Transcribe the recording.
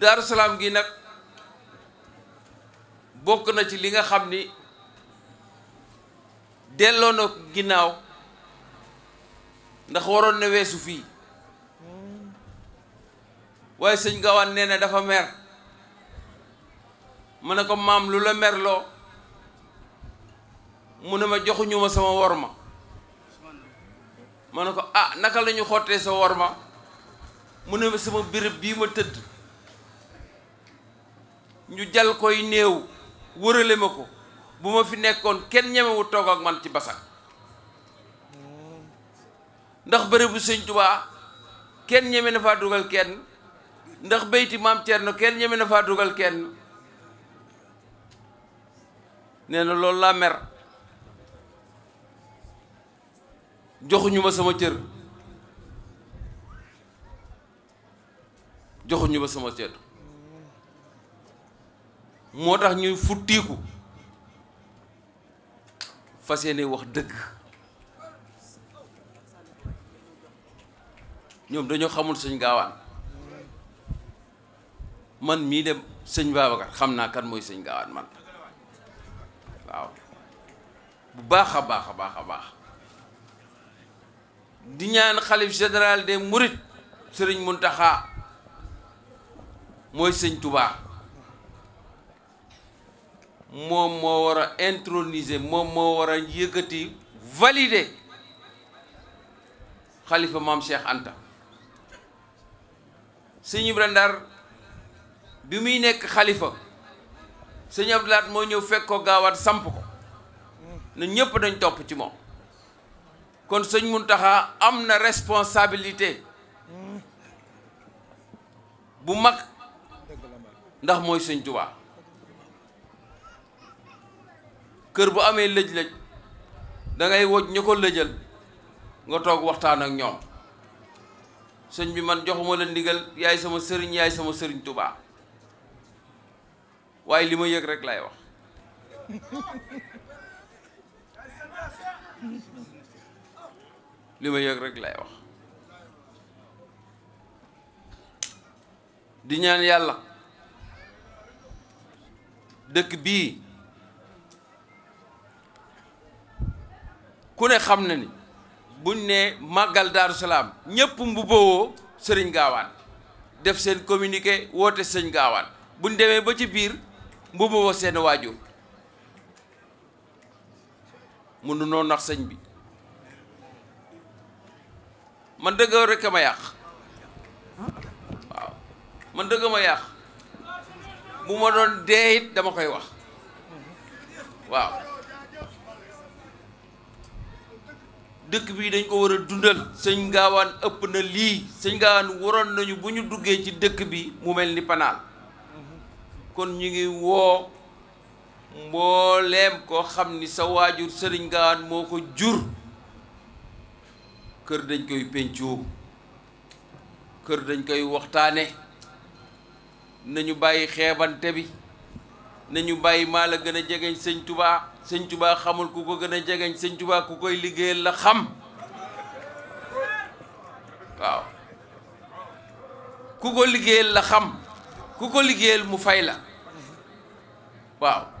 daaru salaam gi nag bokk na ci li nga xam ni delloo na ginnaaw ndax waroon na weesu fii waaye sëñ Gawane nee na dafa mer mu ne ko maam lu la merloo mu ne ma joxuñu ma sama worma ma ne ko ah naka la ñu xottee sa worma mu ne ma sama béréb bii ma tëdd ñu jal koy néew wërale ma ko bu ma fi nekkoon kenn ñemewu toog ak man ci basak ndax bërëbu sëñ tubaa kenn ñeme na faa dugal kenn ndax béyti maam na kenn ñeme na faa dugal kenn nee na loolu laa mer joxuñu ma sama cër joxuñu ma sama cër moo tax ñuy futtiiku fa yéene wax dëkk ñoom dañoo xamul sëñ gaawaan man mii dem sëñ Babacar xam naa kan mooy sëñ gaawaan man waaw bu baax a baax a baax a baax di ñaan xalif général de mourides sëriñ mun Muntaxa mooy sëñ Touba. moom moo war a introniser moom moo war a yëkkati valider xalifa maam Cheikh Anta sëñ Ibra Ndar bi muy nekk xalifa sëñ Abdou Lahad moo ñëw fekk ko gaawaat samp ko na ñépp dañ topp ci moom kon sëñ Muntaxa am na responsabilité bu mag ndax mooy sëñ Tuubaa kër bu amee lëj-lëj dangay ngay woj ñu ko lëjal nga toog waxtaan ak ñoom sëñ bi man joxuma la ndigal yaay sama sëriñ yaay sama sëriñ tubaa waaye li ma yëg rek lay wax li ma yëg rek lay wax di ñaan yàlla dëkk bii ku ne xam na ni buñ ne màggal Daaru ñépp ñëpp mbubboo sëriñ gaawaan def seen communiqué woote sëñ gaawaan buñ demee ba ci biir mbubboo seen waajur mënu noo nax sëñ bi man dëgg rekk ma yàq waaw man dëgg ma yàq bu ma doon dee it dama koy wax waaw dëkk bii dañ ko war a dundal sëñ gaawaan ëpp na lii sëñ gaawaan waroon nañu bu ñu duggee ci dëkk bi mu mel ni panaan kon ñu ngi woo mbooleem koo xam ni sa waajur sëriñ gaawaan moo ko jur kër dañ koy pencoo kër dañ koy waxtaane nañu bàyyi xeebante bi nañu bàyyi maa la gën a jegeñ sëñ tubaa sëñ tubaa xamul ku ko gën a jegeñ sëñ tubaa ku koy liggéeyal la xam waaw ku ko liggéeyal la xam ku ko liggéeyal mu fay la waaw